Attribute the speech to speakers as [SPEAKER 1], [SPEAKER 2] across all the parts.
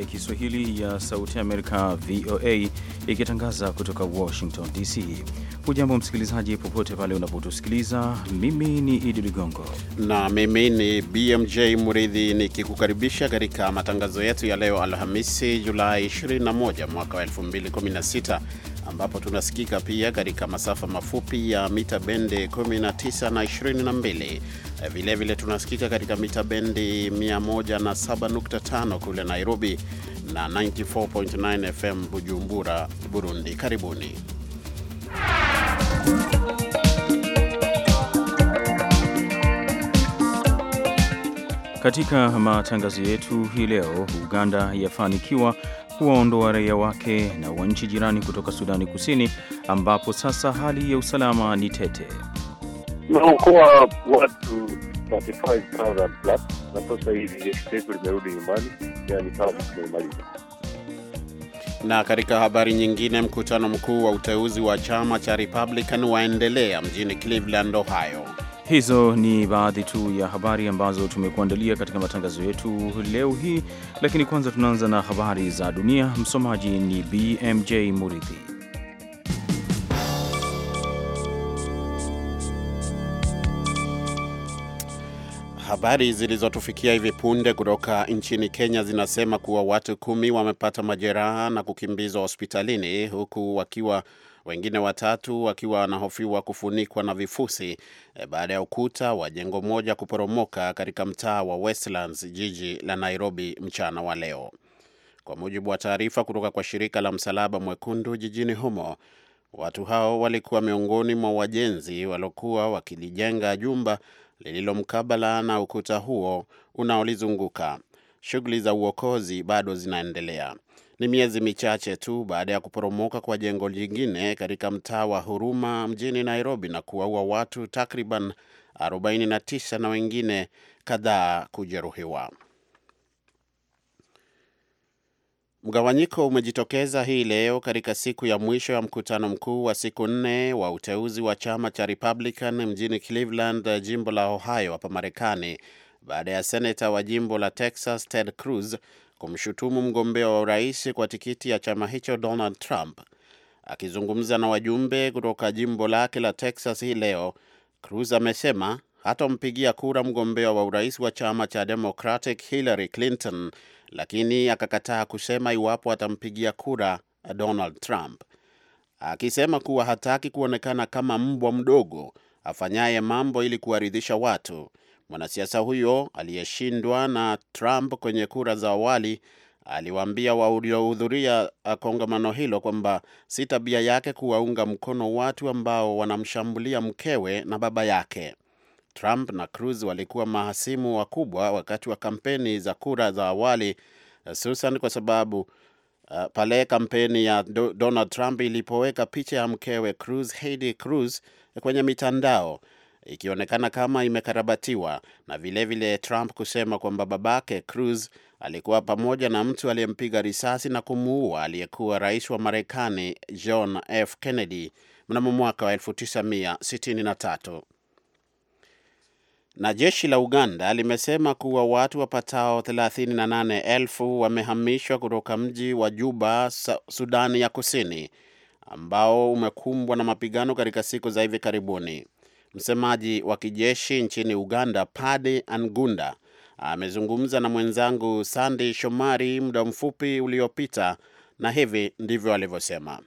[SPEAKER 1] ya Kiswahili ya Sauti ya Amerika, VOA, ikitangaza kutoka Washington DC. Hujambo msikilizaji, popote pale unapotusikiliza. Mimi ni Idi Ligongo
[SPEAKER 2] na mimi ni BMJ Muridhi, nikikukaribisha katika matangazo yetu ya leo Alhamisi, Julai 21 mwaka wa 2016 ambapo tunasikika pia katika masafa mafupi ya mita bendi 19 na 22. Vilevile vile tunasikika katika mita bendi 107.5 kule Nairobi na 94.9 FM Bujumbura, Burundi. Karibuni.
[SPEAKER 1] Katika matangazo yetu hii leo, Uganda yafanikiwa kuwaondoa raia wake na wa nchi jirani kutoka Sudani Kusini, ambapo sasa hali ya usalama ni tete.
[SPEAKER 3] Naokoa watu 35,000 plus na sasa hivi jeshi limerudi nyumbani,
[SPEAKER 2] yani kama tumeimaliza na katika habari nyingine, mkutano mkuu wa uteuzi wa chama cha Republican waendelea mjini Cleveland, Ohio.
[SPEAKER 1] Hizo ni baadhi tu ya habari ambazo tumekuandalia katika matangazo yetu leo hii, lakini kwanza tunaanza na habari za dunia. Msomaji ni BMJ Muridhi.
[SPEAKER 2] Habari zilizotufikia hivi punde kutoka nchini Kenya zinasema kuwa watu kumi wamepata majeraha na kukimbizwa hospitalini huku wakiwa wengine watatu wakiwa wanahofiwa kufunikwa na vifusi eh, baada ya ukuta wa jengo moja kuporomoka katika mtaa wa Westlands, jiji la Nairobi, mchana wa leo, kwa mujibu wa taarifa kutoka kwa shirika la Msalaba Mwekundu jijini humo. Watu hao walikuwa miongoni mwa wajenzi waliokuwa wakilijenga jumba lililo mkabala na ukuta huo unaolizunguka. Shughuli za uokozi bado zinaendelea. Ni miezi michache tu baada ya kuporomoka kwa jengo jingine katika mtaa wa Huruma mjini Nairobi na kuwaua watu takriban 49 na wengine kadhaa kujeruhiwa. Mgawanyiko umejitokeza hii leo katika siku ya mwisho ya mkutano mkuu wa siku nne wa uteuzi wa chama cha Republican mjini Cleveland, jimbo la Ohio hapa Marekani, baada ya seneta wa jimbo la Texas Ted Cruz kumshutumu mgombea wa urais kwa tikiti ya chama hicho Donald Trump. Akizungumza na wajumbe kutoka jimbo lake la Texas hii leo, Cruz amesema hatampigia kura mgombea wa urais wa chama cha Democratic Hillary Clinton, lakini akakataa kusema iwapo atampigia kura Donald Trump, akisema kuwa hataki kuonekana kama mbwa mdogo afanyaye mambo ili kuwaridhisha watu. Mwanasiasa huyo aliyeshindwa na Trump kwenye kura za awali aliwaambia waliohudhuria kongamano hilo kwamba si tabia yake kuwaunga mkono watu ambao wanamshambulia mkewe na baba yake. Trump na Cruz walikuwa mahasimu wakubwa wakati wa kampeni za kura za awali, hususan kwa sababu uh, pale kampeni ya Donald Trump ilipoweka picha ya mkewe Cruz, Heidi Cruz, kwenye mitandao ikionekana kama imekarabatiwa na vilevile vile Trump kusema kwamba babake Cruz alikuwa pamoja na mtu aliyempiga risasi na kumuua aliyekuwa rais wa Marekani John F. Kennedy mnamo mwaka wa 1963. Na jeshi la Uganda limesema kuwa watu wapatao 38,000 wamehamishwa kutoka mji wa Juba, Sudani ya Kusini ambao umekumbwa na mapigano katika siku za hivi karibuni. Msemaji wa kijeshi nchini Uganda, Padi Angunda, amezungumza na mwenzangu Sandi Shomari muda mfupi uliopita, na hivi ndivyo alivyosema: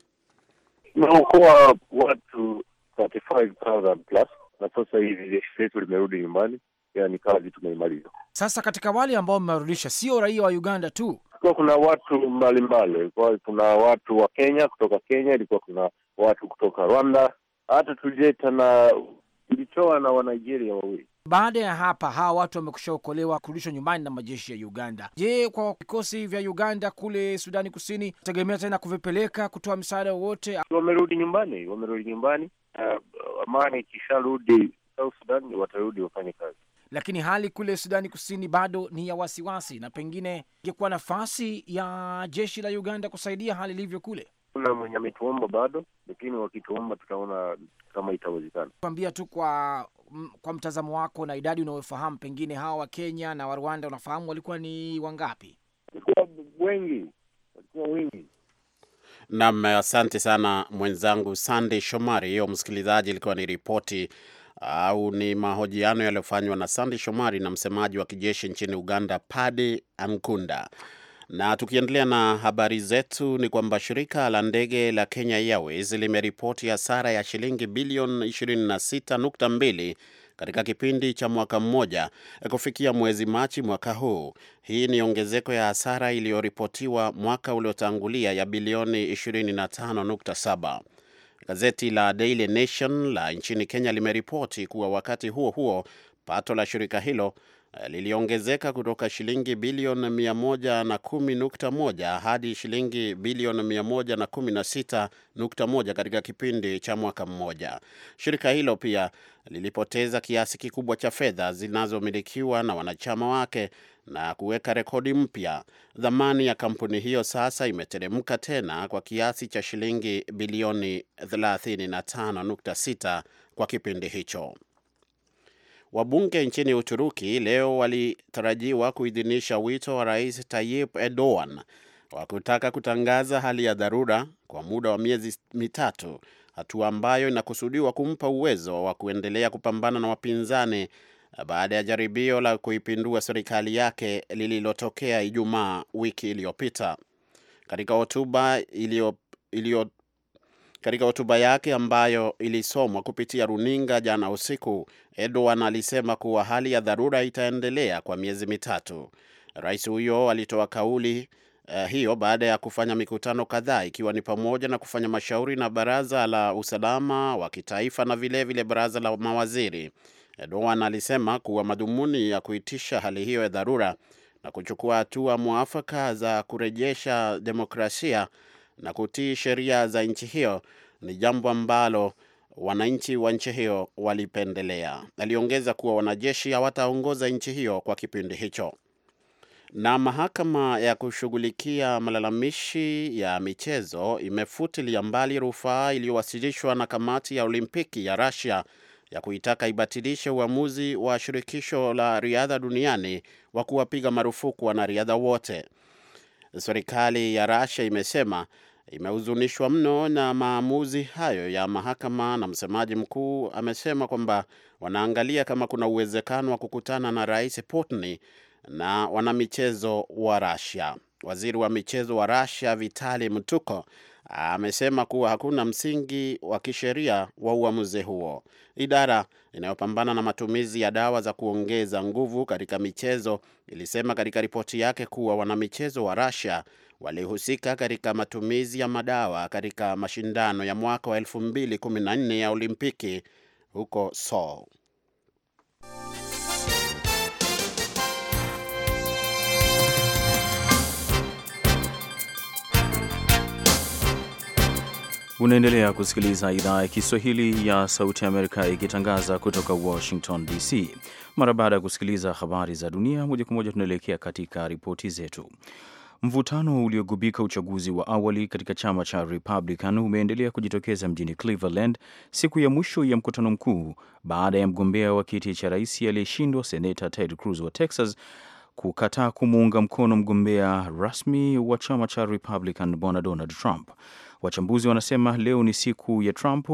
[SPEAKER 3] tumeokoa watu 35,000 plus na sasa hivi jeshi letu limerudi nyumbani, yani kazi tumeimaliza.
[SPEAKER 4] Sasa katika wale ambao mmewarudisha, sio raia wa Uganda tu,
[SPEAKER 3] kwa kuna watu mbalimbali, kuna watu wa Kenya, kutoka Kenya ilikuwa kuna watu kutoka Rwanda, hata tulileta na ilitoa na Wanigeria wawili.
[SPEAKER 4] Baada ya hapa hawa watu wamekusha okolewa kurudishwa nyumbani na majeshi ya Uganda. Je, kwa vikosi vya Uganda kule Sudani Kusini tegemea tena kuvipeleka kutoa msaada wowote?
[SPEAKER 3] Wamerudi nyumbani, wamerudi nyumbani. Uh, amani ikisharudi South Sudan watarudi wafanye kazi,
[SPEAKER 4] lakini hali kule Sudani Kusini bado ni ya wasiwasi, na pengine ingekuwa nafasi ya jeshi la Uganda kusaidia hali ilivyo kule
[SPEAKER 3] kuna mwenye ametuomba bado, lakini wakituomba tutaona kama itawezekana.
[SPEAKER 4] Kwambia tu kwa kwa mtazamo wako na idadi unayofahamu, pengine hawa wa Kenya na wa Rwanda unafahamu walikuwa ni wangapi?
[SPEAKER 3] Walikuwa wengi, walikuwa wengi.
[SPEAKER 2] Nam, asante sana mwenzangu Sandey Shomari. Hiyo msikilizaji, ilikuwa ni ripoti au ni mahojiano yaliyofanywa na Sandey Shomari na msemaji wa kijeshi nchini Uganda, Padi Ankunda. Na tukiendelea na habari zetu ni kwamba shirika la ndege la Kenya Airways limeripoti hasara ya shilingi bilioni 26.2 katika kipindi cha mwaka mmoja kufikia mwezi Machi mwaka huu. Hii ni ongezeko ya hasara iliyoripotiwa mwaka uliotangulia ya bilioni 25.7. Gazeti la Daily Nation la nchini Kenya limeripoti kuwa wakati huo huo pato la shirika hilo Eh, liliongezeka kutoka shilingi bilioni 110.1 hadi shilingi bilioni 116.1 katika kipindi cha mwaka mmoja. Shirika hilo pia lilipoteza kiasi kikubwa cha fedha zinazomilikiwa na wanachama wake na kuweka rekodi mpya. Dhamani ya kampuni hiyo sasa imeteremka tena kwa kiasi cha shilingi bilioni 35.6 kwa kipindi hicho. Wabunge nchini Uturuki leo walitarajiwa kuidhinisha wito wa Rais Tayyip Erdogan wa kutaka kutangaza hali ya dharura kwa muda wa miezi mitatu, hatua ambayo inakusudiwa kumpa uwezo wa kuendelea kupambana na wapinzani baada ya jaribio la kuipindua serikali yake lililotokea Ijumaa wiki iliyopita. Katika hotuba iliyo katika hotuba yake ambayo ilisomwa kupitia runinga jana usiku, Erdogan alisema kuwa hali ya dharura itaendelea kwa miezi mitatu. Rais huyo alitoa kauli uh, hiyo baada ya kufanya mikutano kadhaa ikiwa ni pamoja na kufanya mashauri na baraza la usalama wa kitaifa na vilevile vile baraza la mawaziri. Erdogan alisema kuwa madhumuni ya kuitisha hali hiyo ya dharura na kuchukua hatua mwafaka za kurejesha demokrasia na kutii sheria za nchi hiyo ni jambo ambalo wananchi wa nchi hiyo walipendelea. Aliongeza kuwa wanajeshi hawataongoza nchi hiyo kwa kipindi hicho. Na mahakama ya kushughulikia malalamishi ya michezo imefutilia mbali rufaa iliyowasilishwa na kamati ya Olimpiki ya Russia ya kuitaka ibatilishe uamuzi wa shirikisho la riadha duniani wa kuwapiga marufuku wanariadha wote. Serikali ya Russia imesema imehuzunishwa mno na maamuzi hayo ya mahakama, na msemaji mkuu amesema kwamba wanaangalia kama kuna uwezekano wa kukutana na Rais Putin na wanamichezo wa Russia. Waziri wa michezo wa Russia Vitali Mtuko amesema kuwa hakuna msingi wa kisheria wa uamuzi huo. Idara inayopambana na matumizi ya dawa za kuongeza nguvu katika michezo ilisema katika ripoti yake kuwa wanamichezo wa Russia walihusika katika matumizi ya madawa katika mashindano ya mwaka wa 2014 ya Olimpiki huko Seoul.
[SPEAKER 1] Unaendelea kusikiliza idhaa ya Kiswahili ya Sauti ya Amerika ikitangaza kutoka Washington DC. Mara baada ya kusikiliza habari za dunia moja kwa moja, tunaelekea katika ripoti zetu. Mvutano uliogubika uchaguzi wa awali katika chama cha Republican umeendelea kujitokeza mjini Cleveland siku ya mwisho ya mkutano mkuu baada ya mgombea wa kiti cha rais aliyeshindwa Senata Ted Cruz wa Texas kukataa kumuunga mkono mgombea rasmi wa chama cha Republican Bwana Donald Trump. Wachambuzi wanasema leo ni siku ya Trump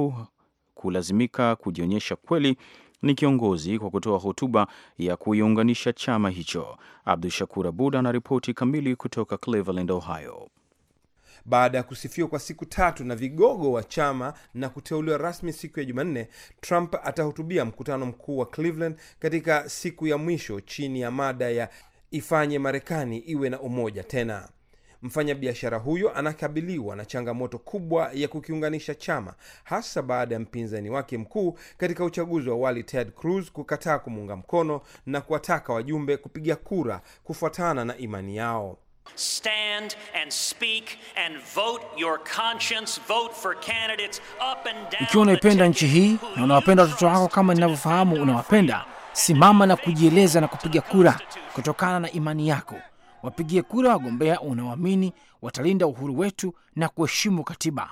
[SPEAKER 1] kulazimika kujionyesha kweli ni kiongozi kwa kutoa hotuba ya kuiunganisha chama hicho. Abdu Shakur Abud anaripoti kamili kutoka Cleveland, Ohio.
[SPEAKER 5] Baada ya kusifiwa kwa siku tatu na vigogo wa chama na kuteuliwa rasmi siku ya Jumanne, Trump atahutubia mkutano mkuu wa Cleveland katika siku ya mwisho chini ya mada ya ifanye Marekani iwe na umoja tena. Mfanyabiashara huyo anakabiliwa na changamoto kubwa ya kukiunganisha chama, hasa baada ya mpinzani wake mkuu katika uchaguzi wa wali Ted Cruz kukataa kumuunga mkono na kuwataka wajumbe kupiga kura kufuatana na imani yao.
[SPEAKER 1] Stand and speak and vote your conscience, vote for candidates up
[SPEAKER 4] and down. Ikiwa unaipenda nchi hii na unawapenda watoto wako kama ninavyofahamu unawapenda, simama na kujieleza na kupiga kura kutokana na imani yako wapigie kura
[SPEAKER 5] wagombea unaoamini watalinda uhuru wetu na kuheshimu katiba.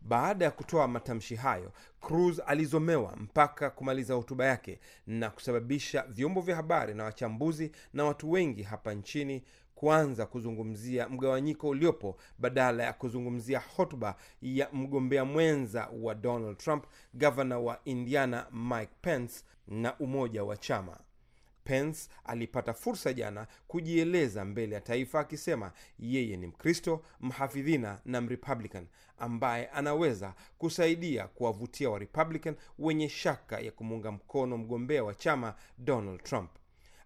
[SPEAKER 5] Baada ya kutoa matamshi hayo, Cruz alizomewa mpaka kumaliza hotuba yake na kusababisha vyombo vya habari na wachambuzi na watu wengi hapa nchini kuanza kuzungumzia mgawanyiko uliopo badala ya kuzungumzia hotuba ya mgombea mwenza wa Donald Trump, gavana wa Indiana Mike Pence na umoja wa chama. Pence alipata fursa jana kujieleza mbele ya taifa akisema yeye ni Mkristo, mhafidhina na Mrepublican ambaye anaweza kusaidia kuwavutia Warepublican wenye shaka ya kumuunga mkono mgombea wa chama Donald Trump.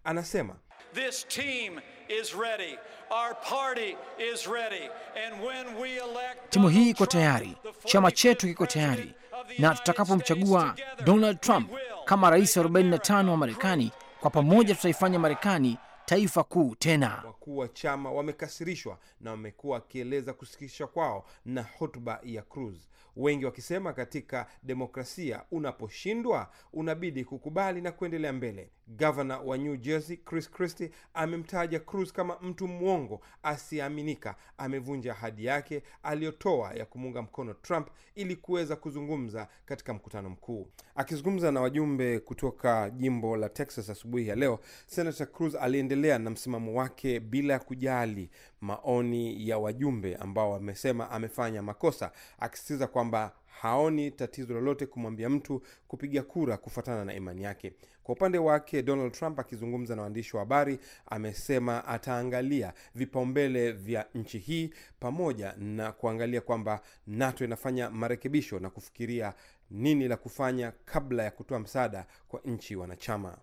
[SPEAKER 5] Anasema
[SPEAKER 3] This team is ready. Our party is ready. And when we
[SPEAKER 5] elect timu hii iko tayari, chama
[SPEAKER 4] chetu kiko tayari, na tutakapomchagua Donald Trump kama rais 45 wa Marekani, kwa pamoja tutaifanya Marekani taifa kuu tena.
[SPEAKER 5] Wakuu wa chama wamekasirishwa na wamekuwa wakieleza kusikitishwa kwao na hotuba ya Cruz wengi wakisema katika demokrasia unaposhindwa unabidi kukubali na kuendelea mbele gavana wa new jersey chris christie amemtaja cruz kama mtu mwongo asiyeaminika amevunja ahadi yake aliyotoa ya kumuunga mkono trump ili kuweza kuzungumza katika mkutano mkuu akizungumza na wajumbe kutoka jimbo la texas asubuhi ya leo senator cruz aliendelea na msimamo wake bila ya kujali maoni ya wajumbe ambao wamesema amefanya makosa, akisitiza kwamba haoni tatizo lolote kumwambia mtu kupiga kura kufuatana na imani yake. Kwa upande wake, Donald Trump akizungumza na waandishi wa habari amesema ataangalia vipaumbele vya nchi hii pamoja na kuangalia kwamba NATO inafanya marekebisho na kufikiria nini la kufanya kabla ya kutoa msaada kwa nchi wanachama.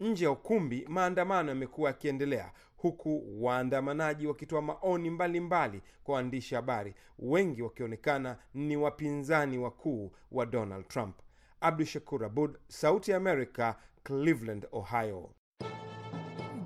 [SPEAKER 5] Nje ya ukumbi, maandamano yamekuwa yakiendelea huku waandamanaji wakitoa maoni mbalimbali mbali kwa waandishi habari, wengi wakionekana ni wapinzani wakuu wa Donald Trump. Abdu Shakur Abud, Sauti ya Cleveland, Ohio.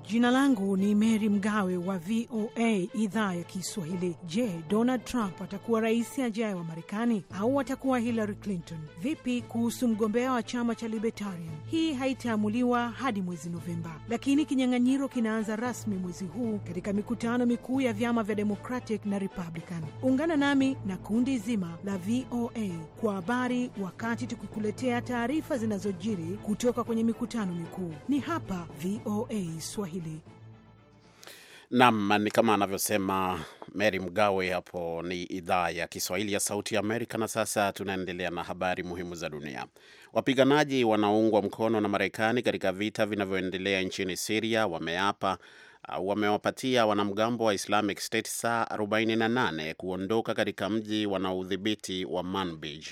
[SPEAKER 6] Jina langu ni Mary Mgawe wa VOA idhaa ya Kiswahili. Je, Donald Trump atakuwa rais ajaye wa Marekani au atakuwa Hillary Clinton? Vipi kuhusu mgombea wa chama cha Libertarian? Hii haitaamuliwa hadi mwezi Novemba, lakini kinyang'anyiro kinaanza rasmi mwezi huu katika mikutano mikuu ya vyama vya Democratic na Republican. Ungana nami na kundi zima la VOA kwa habari, wakati tukikuletea taarifa zinazojiri kutoka kwenye mikutano mikuu. Ni hapa VOA Swahili hili.
[SPEAKER 2] Naam, ni kama anavyosema Mary Mgawe. Hapo ni idhaa ya Kiswahili ya Sauti ya Amerika. Na sasa tunaendelea na habari muhimu za dunia. Wapiganaji wanaoungwa mkono na Marekani katika vita vinavyoendelea nchini Siria wameapa au wamewapatia wanamgambo wa Islamic State saa 48 kuondoka katika mji wanaoudhibiti wa Manbij.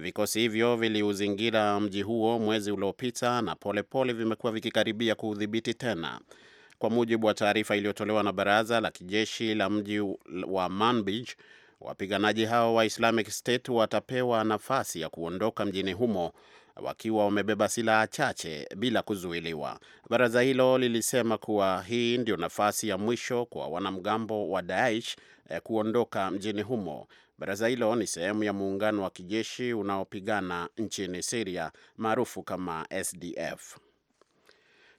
[SPEAKER 2] Vikosi hivyo viliuzingira mji huo mwezi uliopita na polepole vimekuwa vikikaribia kuudhibiti tena. Kwa mujibu wa taarifa iliyotolewa na baraza la kijeshi la mji wa Manbij, wapiganaji hao wa Islamic State watapewa nafasi ya kuondoka mjini humo wakiwa wamebeba silaha chache bila kuzuiliwa. Baraza hilo lilisema kuwa hii ndio nafasi ya mwisho kwa wanamgambo wa Daesh eh, kuondoka mjini humo Baraza hilo ni sehemu ya muungano wa kijeshi unaopigana nchini Siria maarufu kama SDF.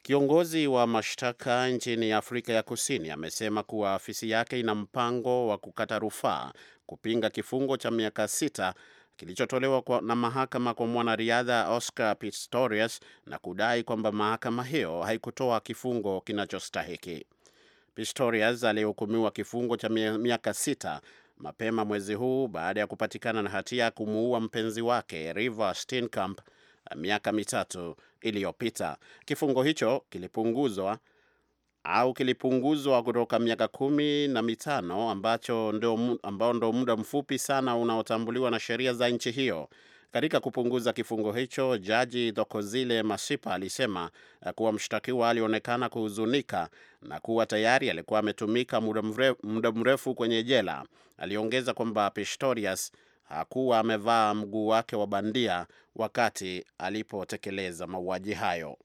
[SPEAKER 2] Kiongozi wa mashtaka nchini Afrika ya Kusini amesema kuwa afisi yake ina mpango wa kukata rufaa kupinga kifungo cha miaka sita kilichotolewa na mahakama kwa mwanariadha Oscar Pistorius na kudai kwamba mahakama hiyo haikutoa kifungo kinachostahiki. Pistorius aliyehukumiwa kifungo cha miaka sita mapema mwezi huu baada ya kupatikana na hatia ya kumuua mpenzi wake Reeva Steenkamp miaka mitatu iliyopita. Kifungo hicho kilipunguzwa au kilipunguzwa kutoka miaka kumi na mitano ambacho ndo, ambao ndo muda mfupi sana unaotambuliwa na sheria za nchi hiyo katika kupunguza kifungo hicho, jaji Dhokozile Masipa alisema eh, kuwa mshtakiwa alionekana kuhuzunika na kuwa tayari alikuwa ametumika muda mrefu kwenye jela. Aliongeza kwamba Pistorius hakuwa amevaa mguu wake wa bandia wakati alipotekeleza mauaji hayo.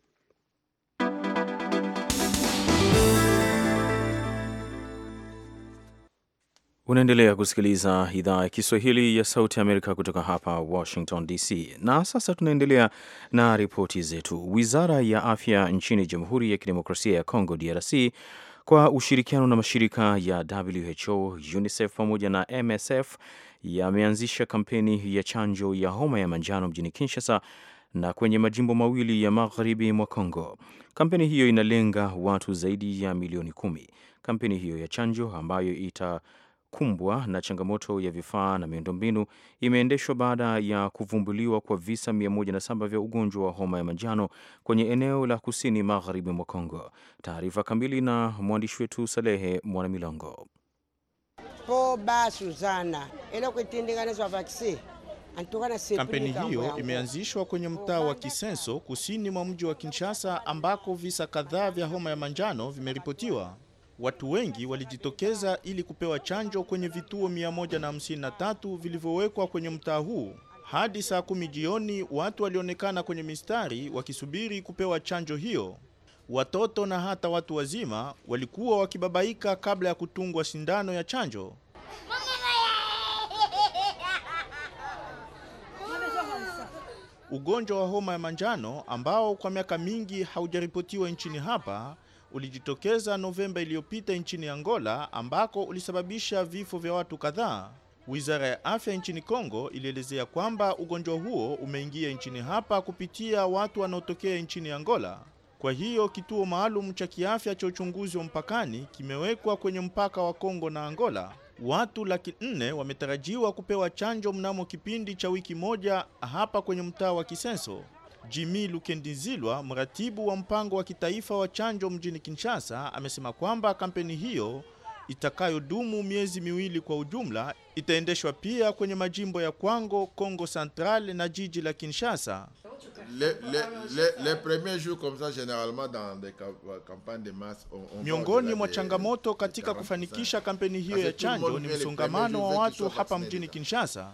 [SPEAKER 1] Unaendelea kusikiliza idhaa ya Kiswahili ya Sauti ya Amerika kutoka hapa Washington DC. Na sasa tunaendelea na ripoti zetu. Wizara ya Afya nchini Jamhuri ya Kidemokrasia ya Kongo DRC kwa ushirikiano na mashirika ya WHO, UNICEF pamoja na MSF yameanzisha kampeni ya chanjo ya homa ya manjano mjini Kinshasa na kwenye majimbo mawili ya magharibi mwa congo Kampeni hiyo inalenga watu zaidi ya milioni kumi. Kampeni hiyo ya chanjo ambayo ita kumbwa na changamoto ya vifaa na miundombinu imeendeshwa baada ya kuvumbuliwa kwa visa 107 vya ugonjwa wa homa ya manjano kwenye eneo la kusini magharibi mwa Kongo. Taarifa kamili na mwandishi wetu Salehe Mwanamilongo.
[SPEAKER 6] Poba Kampeni hiyo
[SPEAKER 7] imeanzishwa kwenye mtaa wa Kisenso kusini mwa mji wa Kinshasa ambako visa kadhaa vya homa ya manjano vimeripotiwa. Watu wengi walijitokeza ili kupewa chanjo kwenye vituo 153 vilivyowekwa kwenye mtaa huu. Hadi saa kumi jioni watu walionekana kwenye mistari wakisubiri kupewa chanjo hiyo. Watoto na hata watu wazima walikuwa wakibabaika kabla ya kutungwa sindano ya chanjo. Ugonjwa wa homa ya manjano ambao kwa miaka mingi haujaripotiwa nchini hapa ulijitokeza Novemba iliyopita nchini Angola ambako ulisababisha vifo vya watu kadhaa. Wizara ya Afya nchini Kongo ilielezea kwamba ugonjwa huo umeingia nchini hapa kupitia watu wanaotokea nchini Angola. Kwa hiyo kituo maalum cha kiafya cha uchunguzi wa mpakani kimewekwa kwenye mpaka wa Kongo na Angola. Watu laki nne wametarajiwa kupewa chanjo mnamo kipindi cha wiki moja hapa kwenye mtaa wa Kisenso. Jimmy Lukendizilwa, mratibu wa mpango wa kitaifa wa chanjo mjini Kinshasa, amesema kwamba kampeni hiyo itakayodumu miezi miwili kwa ujumla itaendeshwa pia kwenye majimbo ya Kwango, Kongo Central na jiji la Kinshasa.
[SPEAKER 2] Le, le, le, le premier jour comme ça, généralement dans des campagnes de masse, on, on miongoni mwa changamoto katika kufanikisha
[SPEAKER 7] kampeni hiyo ah, ya chanjo ni msongamano wa watu hapa mjini Kinshasa.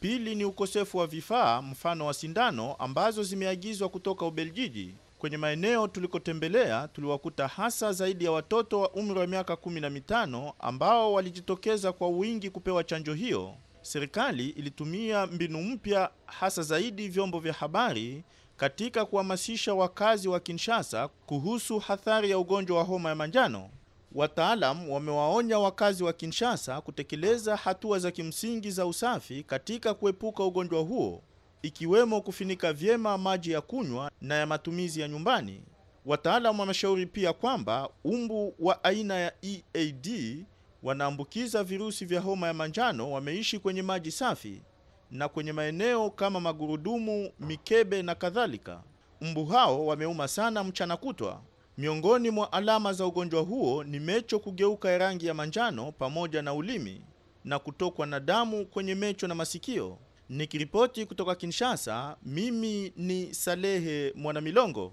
[SPEAKER 7] Pili ni ukosefu wa vifaa, mfano wa sindano ambazo zimeagizwa kutoka Ubeljiji. Kwenye maeneo tulikotembelea tuliwakuta hasa zaidi ya watoto wa umri wa miaka kumi na mitano ambao walijitokeza kwa wingi kupewa chanjo hiyo. Serikali ilitumia mbinu mpya, hasa zaidi vyombo vya habari, katika kuhamasisha wakazi wa Kinshasa kuhusu hatari ya ugonjwa wa homa ya manjano. Wataalam wamewaonya wakazi wa Kinshasa kutekeleza hatua za kimsingi za usafi katika kuepuka ugonjwa huo ikiwemo kufinika vyema maji ya kunywa na ya matumizi ya nyumbani. Wataalamu wameshauri pia kwamba umbu wa aina ya EAD wanaambukiza virusi vya homa ya manjano wameishi kwenye maji safi na kwenye maeneo kama magurudumu, mikebe na kadhalika. Mbu hao wameuma sana mchana kutwa. Miongoni mwa alama za ugonjwa huo ni mecho kugeuka ya rangi ya manjano pamoja na ulimi na kutokwa na damu kwenye mecho na masikio. Nikiripoti kutoka Kinshasa, mimi ni Salehe Mwanamilongo.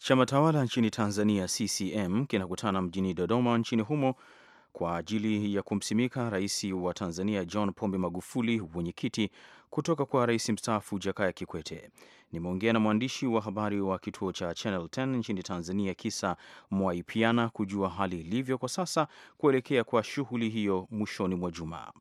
[SPEAKER 1] Chama tawala nchini Tanzania CCM kinakutana mjini Dodoma nchini humo kwa ajili ya kumsimika rais wa Tanzania John Pombe Magufuli, mwenyekiti kutoka kwa rais mstaafu Jakaya Kikwete. Nimeongea na mwandishi wa habari wa kituo cha Channel 10 nchini Tanzania, Kisa Mwaipiana, kujua hali ilivyo kwa sasa kuelekea kwa shughuli hiyo mwishoni mwa juma.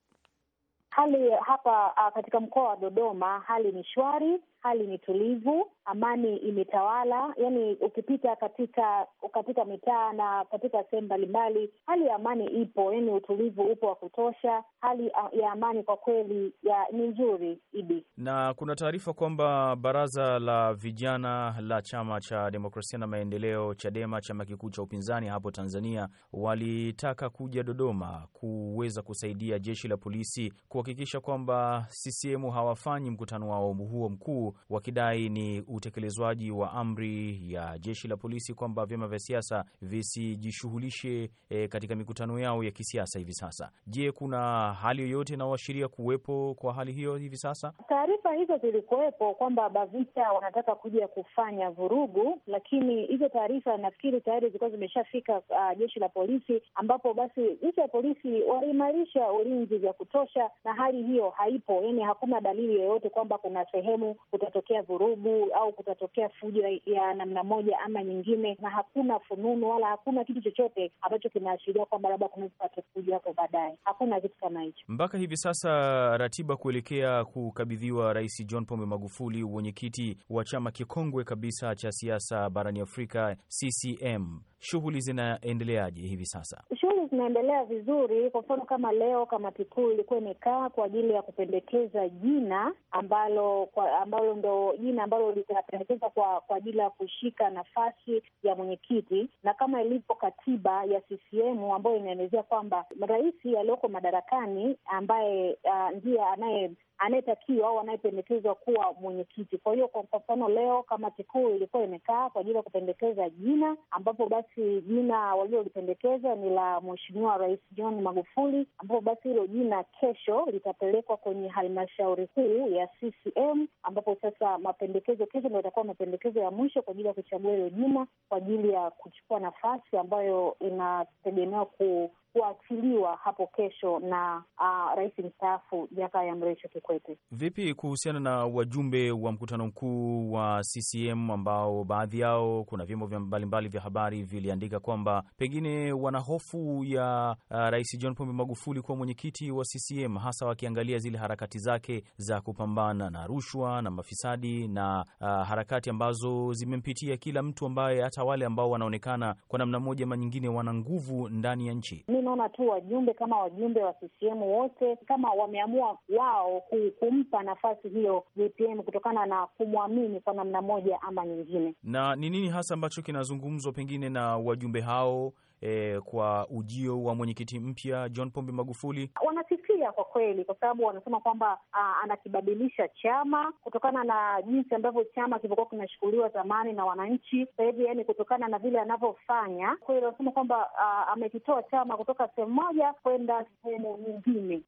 [SPEAKER 3] Hali hapa ah, katika mkoa wa Dodoma, hali ni shwari hali ni tulivu, amani imetawala. Yani ukipita katika katika mitaa na katika sehemu mbalimbali, hali ya amani ipo, yani utulivu upo wa kutosha. Hali ya amani kwa kweli ni nzuri Idi,
[SPEAKER 1] na kuna taarifa kwamba baraza la vijana la chama cha demokrasia na maendeleo Chadema, chama kikuu cha upinzani hapo Tanzania, walitaka kuja Dodoma kuweza kusaidia jeshi la polisi kuhakikisha kwamba CCM hawafanyi mkutano wao huo mkuu wakidai ni utekelezwaji wa amri ya jeshi la polisi kwamba vyama vya siasa visijishughulishe e, katika mikutano yao ya kisiasa hivi sasa. Je, kuna hali yoyote inaoashiria kuwepo kwa hali hiyo hivi sasa?
[SPEAKER 3] Taarifa hizo zilikuwepo kwamba BAVICHA wanataka kuja kufanya vurugu, lakini hizo taarifa nafikiri tayari zilikuwa zimeshafika uh, jeshi la polisi, ambapo basi jeshi la polisi waliimarisha ulinzi vya kutosha, na hali hiyo haipo, yani hakuna dalili yoyote kwamba kuna sehemu kutatokea vurugu au kutatokea fujo ya namna moja ama nyingine, na hakuna fununu wala hakuna kitu chochote ambacho kinaashiria kwamba labda kunaweza kupata fujo hapo baadaye. Hakuna kitu kama hicho
[SPEAKER 1] mpaka hivi sasa. Ratiba kuelekea kukabidhiwa Rais John Pombe Magufuli uwenyekiti wa chama kikongwe kabisa cha siasa barani Afrika CCM, shughuli zinaendeleaje hivi sasa?
[SPEAKER 3] Shughuli zinaendelea vizuri. Kwa mfano kama leo, kamati kuu ilikuwa imekaa kwa ajili ya kupendekeza jina ambalo kwa, ambalo ndo jina ambalo litapendekezwa kwa, kwa ajili ya kushika nafasi ya mwenyekiti, na kama ilivyo katiba ya CCM ambayo inaelezea kwamba rais aliyoko madarakani ambaye uh, ndiye anaye anayetakiwa au anayependekezwa kuwa mwenyekiti. Kwa hiyo kwa mfano leo kamati kuu ilikuwa imekaa kwa ajili ya kupendekeza jina, ambapo basi jina walilolipendekeza ni la Mheshimiwa Rais John Magufuli, ambapo basi hilo jina kesho litapelekwa kwenye halmashauri kuu ya CCM, ambapo sasa mapendekezo kesho ndo itakuwa mapendekezo ya mwisho kwa ajili ya kuchagua hilo jina kwa ajili ya kuchukua nafasi ambayo inategemewa ku kuachiliwa hapo kesho na uh, rais mstaafu Jakaya Mrisho Kikwete.
[SPEAKER 1] Vipi kuhusiana na wajumbe wa mkutano mkuu wa CCM ambao baadhi yao kuna vyombo mbalimbali vya habari viliandika kwamba pengine wana hofu ya uh, rais John Pombe Magufuli kuwa mwenyekiti wa CCM, hasa wakiangalia zile harakati zake za kupambana na rushwa na mafisadi na uh, harakati ambazo zimempitia kila mtu ambaye hata wale ambao wanaonekana kwa namna moja ama nyingine wana nguvu ndani ya nchi
[SPEAKER 3] mi naona tu wajumbe kama wajumbe wa CCM wote kama wameamua wao kumpa nafasi hiyo JPM kutokana na kumwamini kwa namna moja ama nyingine.
[SPEAKER 1] Na ni nini hasa ambacho kinazungumzwa pengine na wajumbe hao? E, kwa ujio wa mwenyekiti mpya John Pombe Magufuli
[SPEAKER 3] wanasi amelia kwa kweli, kwa sababu wanasema kwamba anakibadilisha chama kutokana na jinsi ambavyo chama kilivyokuwa kinashughuliwa zamani na wananchi sahivi, yani kutokana na vile anavyofanya hiyo wanasema kwamba amekitoa chama kutoka sehemu moja kwenda sehemu nyingine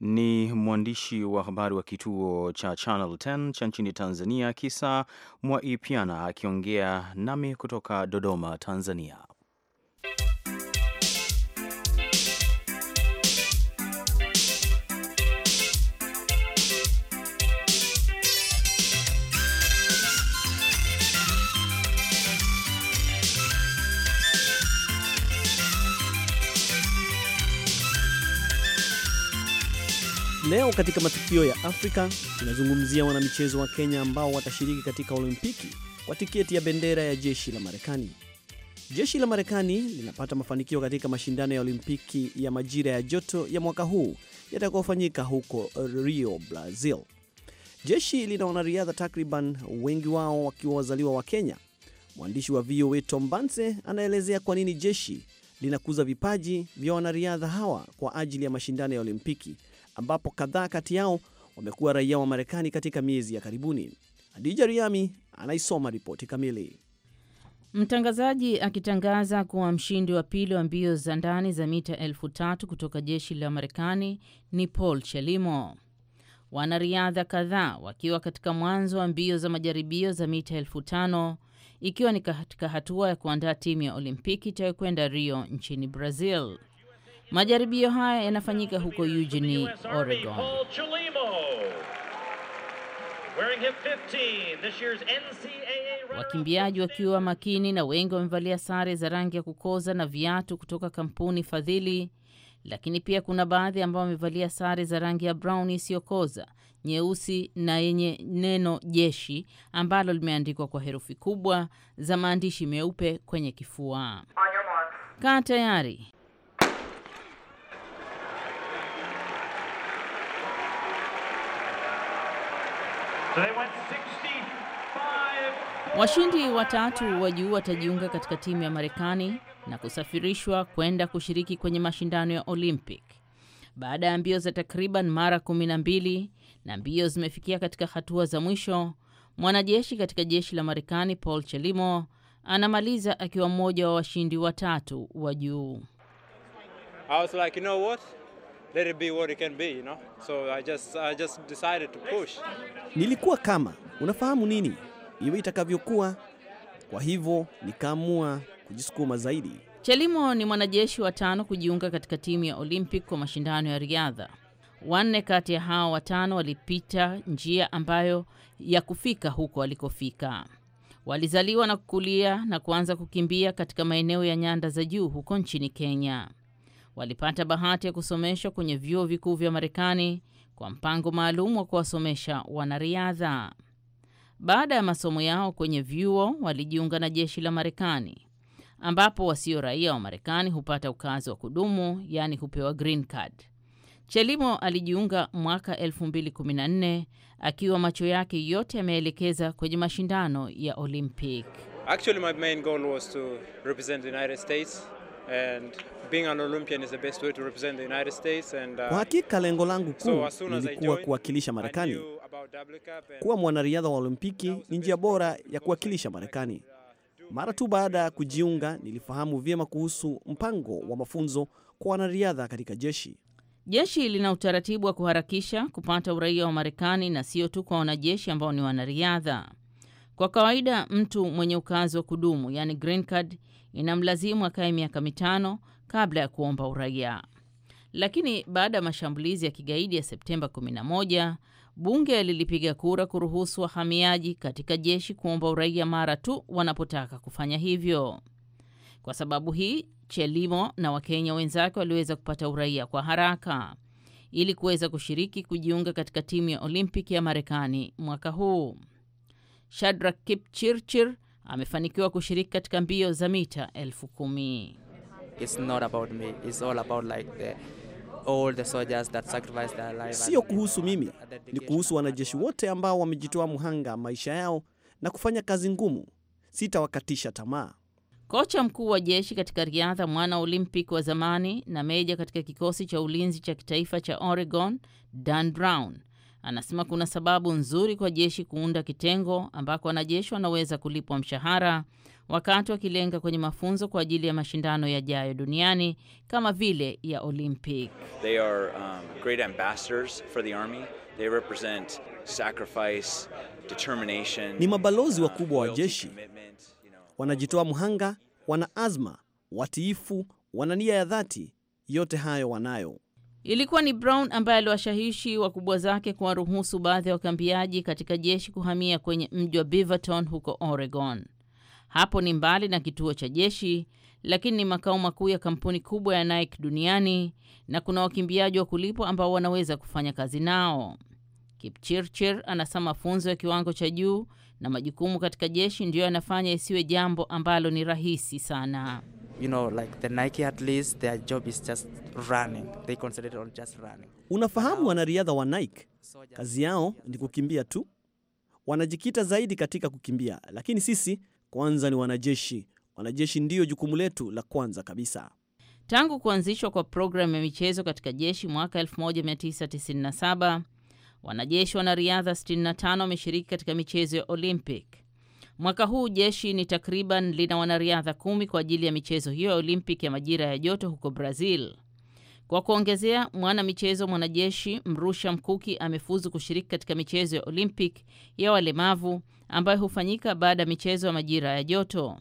[SPEAKER 1] ni mwandishi wa habari wa kituo cha Channel 10 cha nchini Tanzania, Kisa Mwaipiana akiongea nami kutoka Dodoma, Tanzania.
[SPEAKER 8] Leo katika matukio ya Afrika tunazungumzia wanamichezo wa Kenya ambao watashiriki katika Olimpiki kwa tiketi ya bendera ya jeshi la Marekani. Jeshi la Marekani linapata mafanikio katika mashindano ya Olimpiki ya majira ya joto ya mwaka huu yatakayofanyika huko Rio, Brazil. Jeshi lina wanariadha takriban, wengi wao wakiwa wazaliwa wa Kenya. Mwandishi wa VOA Tom Banse anaelezea kwa nini jeshi linakuza vipaji vya wanariadha hawa kwa ajili ya mashindano ya Olimpiki ambapo kadhaa kati yao wamekuwa raia wa Marekani katika miezi ya karibuni. Adija Riami anaisoma ripoti kamili.
[SPEAKER 6] Mtangazaji akitangaza kuwa mshindi wa pili wa mbio za ndani za mita elfu tatu kutoka jeshi la Marekani ni Paul Chelimo. Wanariadha kadhaa wakiwa katika mwanzo wa mbio za majaribio za mita elfu tano ikiwa ni katika hatua ya kuandaa timu ya Olimpiki itayokwenda Rio nchini Brazil. Majaribio haya yanafanyika huko Eugene, Oregon. Wakimbiaji wakiwa makini na wengi wamevalia sare za rangi ya kukoza na viatu kutoka kampuni fadhili, lakini pia kuna baadhi ambao wamevalia sare za rangi ya brown isiyokoza, nyeusi na yenye neno jeshi ambalo limeandikwa kwa herufi kubwa za maandishi meupe kwenye kifua. Kaa tayari. Washindi watatu wa juu watajiunga katika timu ya Marekani na kusafirishwa kwenda kushiriki kwenye mashindano ya Olympic. Baada ya mbio za takriban mara 12 na na mbio zimefikia katika hatua za mwisho, mwanajeshi katika jeshi la Marekani Paul Chelimo anamaliza akiwa mmoja wa washindi watatu wa juu.
[SPEAKER 5] I was like, you know what? let it be what it can be, you know? So I just, I just decided to
[SPEAKER 6] push.
[SPEAKER 8] Nilikuwa kama unafahamu nini iwe itakavyokuwa, kwa hivyo nikaamua kujisukuma zaidi.
[SPEAKER 6] Chelimo ni mwanajeshi wa tano kujiunga katika timu ya Olympic kwa mashindano ya riadha. Wanne kati ya hao watano walipita njia ambayo ya kufika huko walikofika. Walizaliwa na kukulia na kuanza kukimbia katika maeneo ya nyanda za juu huko nchini Kenya walipata bahati ya kusomeshwa kwenye vyuo vikuu vya Marekani kwa mpango maalum wa kuwasomesha wanariadha. Baada ya masomo yao kwenye vyuo, walijiunga na jeshi la Marekani, ambapo wasio raia wa Marekani hupata ukazi wa kudumu, yaani hupewa green card. Chelimo alijiunga mwaka 2014 akiwa macho yake yote yameelekeza kwenye mashindano ya Olympic. Actually,
[SPEAKER 5] my main goal was to represent the United States. And being an Olympian is the best way to represent the United States and, uh, kwa hakika
[SPEAKER 8] lengo langu kuu so kuwakilisha Marekani. Kuwa mwanariadha wa Olimpiki ni njia bora ya kuwakilisha Marekani. Uh, Mara tu baada ya kujiunga, nilifahamu vyema kuhusu mpango wa mafunzo kwa
[SPEAKER 6] wanariadha katika jeshi. Jeshi lina utaratibu wa kuharakisha kupata uraia wa Marekani na sio tu kwa wanajeshi ambao ni wanariadha. Kwa kawaida, mtu mwenye ukazi wa kudumu, yani green card inamlazimu akae miaka mitano kabla ya kuomba uraia. Lakini baada ya mashambulizi ya kigaidi ya Septemba 11 bunge lilipiga kura kuruhusu wahamiaji katika jeshi kuomba uraia mara tu wanapotaka kufanya hivyo. Kwa sababu hii, Chelimo na Wakenya wenzake waliweza kupata uraia kwa haraka ili kuweza kushiriki kujiunga katika timu ya Olimpiki ya Marekani mwaka huu. Shadrack Kipchirchir amefanikiwa kushiriki katika mbio za mita elfu kumi. Sio kuhusu mimi, ni
[SPEAKER 2] kuhusu
[SPEAKER 8] wanajeshi wote ambao wamejitoa mhanga maisha yao na kufanya kazi ngumu. Sitawakatisha tamaa.
[SPEAKER 6] Kocha mkuu wa jeshi katika riadha, mwana Olympic wa zamani na meja katika kikosi cha ulinzi cha kitaifa cha Oregon, Dan Brown Anasema kuna sababu nzuri kwa jeshi kuunda kitengo ambako wanajeshi wanaweza kulipwa mshahara wakati wakilenga kwenye mafunzo kwa ajili ya mashindano yajayo duniani kama vile ya Olympic.
[SPEAKER 1] They are um, great ambassadors for the army. They represent sacrifice, determination. Ni mabalozi uh,
[SPEAKER 6] wakubwa wa jeshi.
[SPEAKER 8] Wanajitoa mhanga, wana azma, watiifu, wana nia ya dhati. Yote
[SPEAKER 6] hayo wanayo. Ilikuwa ni Brown ambaye aliwashawishi wakubwa zake kuwaruhusu baadhi ya wakambiaji katika jeshi kuhamia kwenye mji wa Beaverton huko Oregon. Hapo ni mbali na kituo cha jeshi, lakini ni makao makuu ya kampuni kubwa ya Nike duniani na kuna wakimbiaji wa kulipwa ambao wanaweza kufanya kazi nao. Kipchirchir anasema mafunzo ya kiwango cha juu na majukumu katika jeshi ndiyo yanafanya isiwe jambo ambalo ni rahisi sana you know, like the Nike at least, their job is just running. They concentrate on just running.
[SPEAKER 8] Unafahamu wanariadha wa Nike, kazi yao ni kukimbia tu. Wanajikita zaidi katika kukimbia, lakini sisi kwanza ni wanajeshi. Wanajeshi ndiyo jukumu letu la kwanza kabisa.
[SPEAKER 6] Tangu kuanzishwa kwa programu ya michezo katika jeshi mwaka 1997, wanajeshi wanariadha 65 wameshiriki katika michezo ya Olympic. Mwaka huu jeshi ni takriban lina wanariadha kumi kwa ajili ya michezo hiyo ya Olimpiki ya majira ya joto huko Brazil. Kwa kuongezea, mwana michezo mwanajeshi mrusha mkuki amefuzu kushiriki katika michezo ya Olimpiki ya walemavu ambayo hufanyika baada ya michezo ya majira ya joto.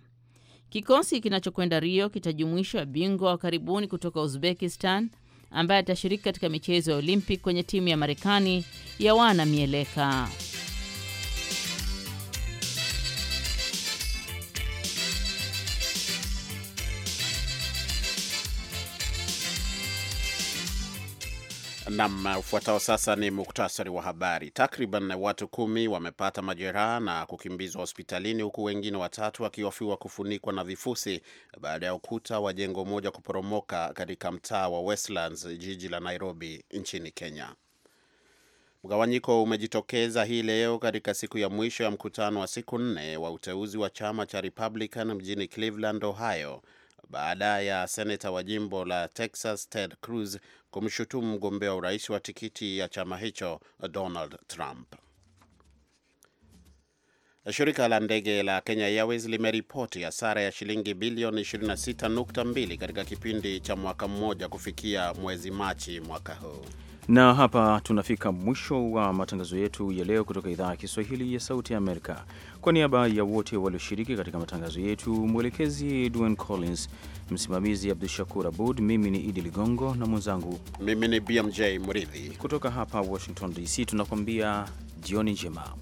[SPEAKER 6] Kikosi kinachokwenda Rio kitajumuisha bingwa wa karibuni kutoka Uzbekistan ambaye atashiriki katika michezo ya olimpic kwenye timu ya Marekani ya wana mieleka.
[SPEAKER 2] Nam ufuatao sasa ni muktasari wa habari. Takriban watu kumi wamepata majeraha na kukimbizwa hospitalini huku wengine watatu wakihofiwa kufunikwa na vifusi baada ya ukuta wa jengo moja kuporomoka katika mtaa wa Westlands, jiji la Nairobi nchini Kenya. Mgawanyiko umejitokeza hii leo katika siku ya mwisho ya mkutano wa siku nne wa uteuzi wa chama cha Republican mjini Cleveland, Ohio, baada ya seneta wa jimbo la Texas Ted Cruz kumshutumu mgombea urais wa tikiti ya chama hicho Donald Trump. Shirika la ndege la Kenya Airways limeripoti hasara ya shilingi bilioni 26.2 katika kipindi cha mwaka mmoja kufikia mwezi Machi mwaka huu.
[SPEAKER 1] Na hapa tunafika mwisho wa matangazo yetu ya leo kutoka idhaa ya Kiswahili ya Sauti ya Amerika. Kwa niaba ya wote walioshiriki katika matangazo yetu, mwelekezi dwan Collins, msimamizi Abdu Shakur Abud, mimi ni Idi Ligongo na mwenzangu mimi ni BMJ mridhi kutoka hapa Washington DC, tunakuambia jioni njema.